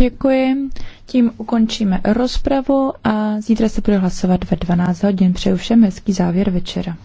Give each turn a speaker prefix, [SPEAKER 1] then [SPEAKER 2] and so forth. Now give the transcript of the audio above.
[SPEAKER 1] Děkuji. Tím ukončíme rozpravu a zítra se bude hlasovat ve 12 hodin. Přeju všem hezký závěr večera.